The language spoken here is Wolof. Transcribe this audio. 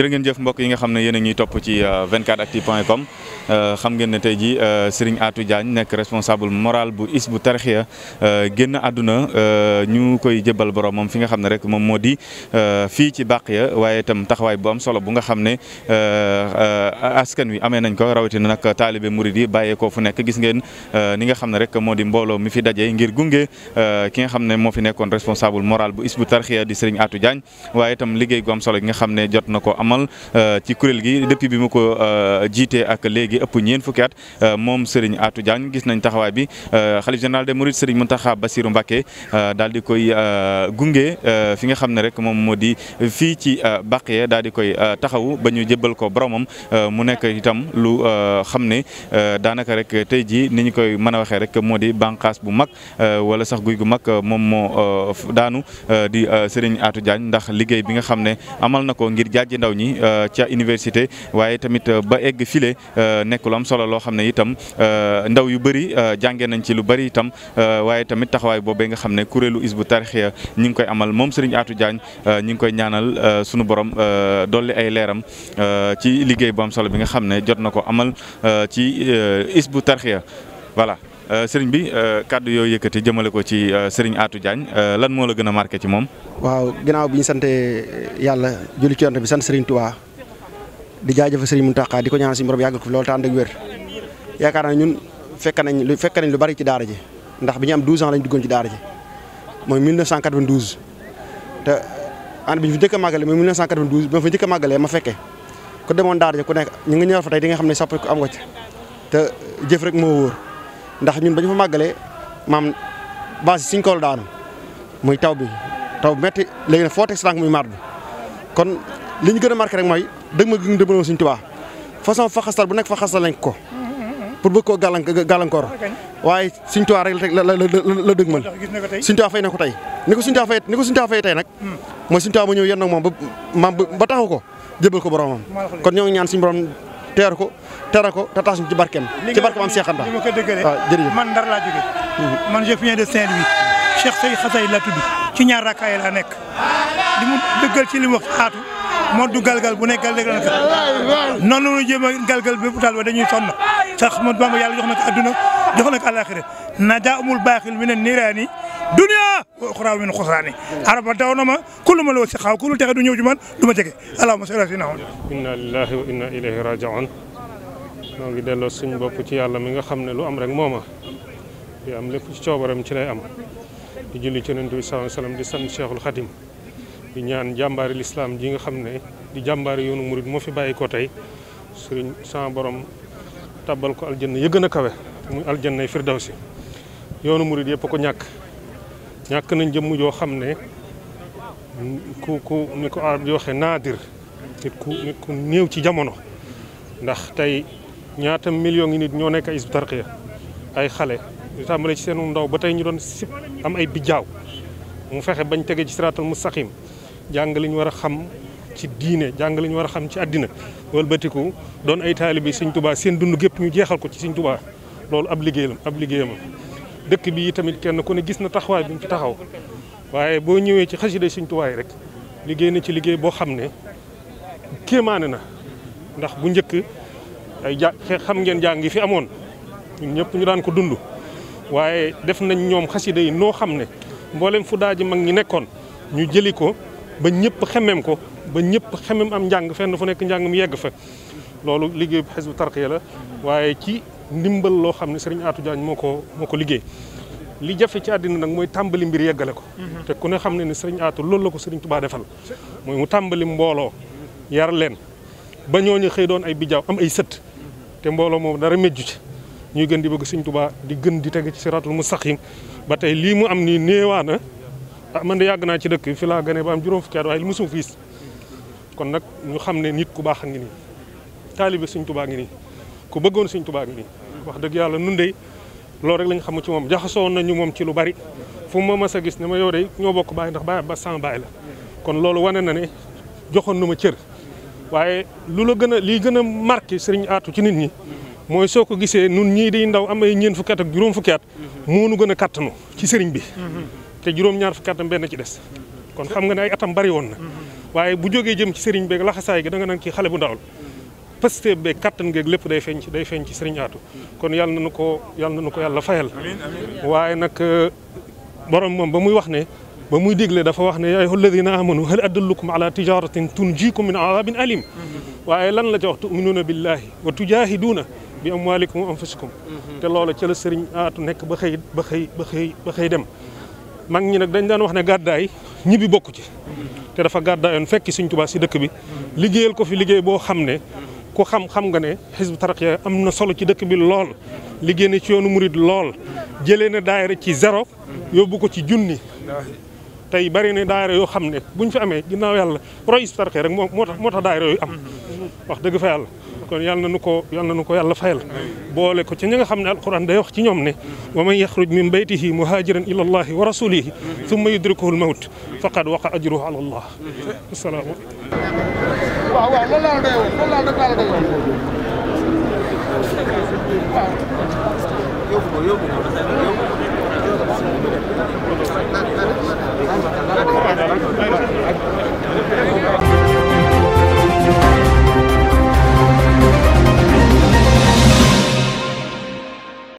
jërë ngeen jëf mbokk yi nga xam ne yéen a ñuy topp ci 24actu.com euh, euh, xam ngeen ne tey jii euh, Serigne Atou Diagne nekk responsable moral bu is bu tarxiya génn àdduna ñu koy jëbal borom moom fi nga xam ne rek moom moo di fii ci bàq ya waaye tam taxawaay bu am solo bu nga xam ne askan wi amee nañ ko rawatina nag taalibe murid yi bàyyeekoo fu nekk gis ngeen euh, ni nga xam ne rek moo di mbooloo mi fi daje ngir gunge euh, ki nga xam ne moo fi nekkoon responsable moral bu Hizbut Tarqiyyah di Serigne Atou waaye itam liggéey gu solo gi nga xam ne jot na ko amal euh, ci kuréel gi depuis bi mu ko jiitee ak léegi ëpp ñeen fukki at moom Serigne atu Diagne gis nañ taxawaay bi xalif général des mourides mu Mountakha Bassirou Mbacké daal di koy gunge fi nga xam ne rek moom moo di fii ci Baqiya daal di koy taxawu ba ñu jëbal ko boromam mu nekk itam lu euh, xam ne euh, daanaka rek tey jii ni ñu koy mën a waxee rek moo di banqaas bu mag euh, wala sax guy gu mag moom moo daanu di Serigne atu Diagne ndax liggéey bi nga xam ne amal na ko ngir jàjji ndaw ñi ca université waaye tamit ba egg file nekk lu am solo loo xam ne itam ndaw yu bëri jànge nañ ci lu bëri itam waaye tamit taxawaay boobee nga xam ne kuréelu Hizbut Tarqiyyah ñi ngi koy amal moom Serigne atu Diagne ñi ngi koy ñaanal sunu borom dolli ay leeram solo bi nga xam ne jot na ko amal euh, ci euh, Hizbut Tarqiyyah voilà euh, sëriñ bi kàddu yooyu yëkkati jëmale ko ci sëriñ Atou Diagne lan moo la gën a marqué ci moom. waaw ginnaaw bi ñu sant yàlla julli ci yonent bi sant sëriñ Touba di jaajëfal sëriñ Mountakha di ko ñaan si borom yàggal ko fi loolu te ànd ak wér yaakaar naa ñun fekk nañ lu bari ci daara ji ndax bi ñu am 12 ans lañ duggoon ci daara ji mooy 1992 te an bi ñu fi njëkk a màggalee mooy 1992 bi ma fa njëkk a màggalee ma fekkee. ku demoon daara ja ku ñu ngi ñëw fa tey di nga xam ne soppi ko am nga ci ba suñ kool daanu muy taw bi taw bi métti léegi nag foo teg sànq muy maat bi kon li ñu gën a marqué rek mooy dëgg ma gi dëmaloon suñ tubaa fa xastal bu nekk fa xastal lañ ko pour bëgg koo gàllank gàllankoor waaye suñ tubaa rek la la la dëgmal suñ tubaa fay na ko tey ni ko suñ tubaa fay ni ko suñ tubaa fay tey nag hmm. mooy suñ tubaa ma ñëw yenn moom ba maam ba taxu ko jëbal ko boromam kon ñoo ngi ñaan suñu borom teer ko teera ko te tax ñu ci barkeem ci barkeem am seexanta li ma ko dëggalee jërëjëf man ndar laa jóge mhm. man je viens de Saint-Louis Cheikh Sey Xasay la tudd ci ñaar rakkaay laa nekk di mu dëggal ci li mu wax moo du galgal bu nekk galgal na ko noonu a galgal bépp taal ba dañuy sonn sax Ahmadu Bamba yàlla jox na ko adduna jox na ko alaxira naja umul baaxil mi ne niiraani dunya wa uxraa min xusraani araba daw na ma kullu ma la si xaaw kullu texe du ñëw ci man du ma jege allahumma salli ala sayyidina Muhammad inna lillahi wa inna ilayhi raji'un noo ngi delloo suñ bopp ci yàlla mi nga xam ne lu am rek mooma di am lépp ci coobaram ci lay am di julli ci yonent bi sallallahu alayhi wa sallam di sant di ñaan jàmbaari lislaam ji nga xam ne di jàmbaari yoonu murit moo fi bàyyi ko tey sëriñ saa borom tabal ko aljanna ya gën a kawe muy aljannay si yoonu murit yëpp ko ñàkk ñàkk nañ jëmm joo xam ne ku ku ni ko arab di waxee naadir nit ku nit ku néew ci jamono ndax tey ñaata million ngi nit ñoo nekk ay Hizbut ay xale di ci seen seenu ndaw ba tey ñu doon sip am ay bijjaaw mu fexe bañ tege ci siraatal mustaqim jàng li war a xam ci diine jàng li war a xam ci àddina walbatiku doon ay taalibi sëñ tubaa seen dund gépp ñu jeexal ko ci sëñ tubaa loolu ab liggéeyam ab liggéeyam dëkk bi tamit kenn ku ne gis na taxawaay bi mu ci taxaw waaye boo ñëwee ci xasida sëñ tubaa yi rek liggéey na ci liggéey boo xam ne kéemaane na ndax bu njëkk ay xam ngeen jàng yi fi amoon ñun ñëpp ñu daan ko dund waaye def nañ ñoom xasida yi noo xam ne mboolem fu daaji mag ñi nekkoon ñu jëli ko ba ñëpp xemmeem ko ba ñëpp xemmeem am njàng fenn fu nekk njàng mu yegg fa loolu liggéey bu Hizbut Tarqiyyah la waaye ci ndimbal loo xam ne Serigne Atou Diagne moo ko moo liggéey li jafe ci àddina nag mooy tàmbali mbir yeggale ko mhm. te ku ne xam ne ne Serigne Atou loolu la ko Serigne Touba defal mooy mu tàmbali mbooloo yar ba ñooñu xëy doon ay bijaaw am ay sët te mbooloo moom dara mejju ci ñuy gën di bëgg Serigne Touba di gën di teg ci siratul mustaqim ba tey lii mu am nii néewaana ah man de yàgg naa ci dëkk bi fi laa gane ba am juróom fukki at waaye mosuma fi gis kon nag ñu xam ne nit ku baax ngi nii taalibe Sëñ tubaa ngi nii ku bëggoon Sëñ tubaa ngi nii wax dëgg yàlla nun de loolu rek lañ xamu ci moom jaxasoo ñu moom ci lu bari fu ma mas a gis ne ma yow de ñoo bokk baay ndax baay ba sama baay la kon loolu wane na ne joxoon na ma cër waaye lu la gën a lii gën a marqué sëriñ atu ci nit ñi mooy soo ko gisee nun ñii di ndaw am ay ñeent juróom fukki at nu gën a kattanu ci sëriñ bi te juróom-ñaar fukki atam benn ci des kon xam nga ne ay atam bari woon na waaye bu jógee jëm ci sëriñ beeg laxasaay gi da nga naan kii xale bu ndawal pëste beeg kattan geeg lépp day feeñ ci day feeñ ci sëriñ aatu kon yàlla na nu ko yàlla na nu ko yàlla fayal waaye nag euh, borom moom ba muy wax ne ba muy digle dafa wax ne yaa ayyuha alladina amanu hal adullukum ala tijaratin tunjikum min azabin alim waaye lan la ca wax tuminuuna billahi wa tujahiduuna bi amwalikum wa anfusikum mhm. te loola ca la sëriñ aatu nekk ba xëy ba xëy ba xëy ba xëy dem mag ñi nag dañ daan wax ne gàddaay ñibbi bokku ci te dafa gàddaayoon fekki Sëriñ Tuubaa si dëkk bi liggéeyal ko fi liggéey boo xam ne ko xam xam nga ne Hizbut Tarqiyyah am na solo ci dëkk bi lool liggéey na ci yoonu murid lool jëlee na daayira ci zéro yóbbu ko ci junni tey bari na daayira yoo xam ne buñ fi amee ginnaaw yàlla roy Hizbut Tarqiyyah rek moo moo tax moo tax daayira yooyu am wax dëgg fa yàlla kon yal na nu ko yal na nu ko yàlla fayal boole ko ci ñi nga xam ne alquran day wax ci ñoom ne wa man yaxruj min baytihi muhajiran ila allahi wa rasulihi thumma yudrikuhu almawt faqad waqa ajruhu ala allah asalaamu waaw waaw loolu laa doy woon loolu laa doy woon waaw yóbbu ko yóbbu ko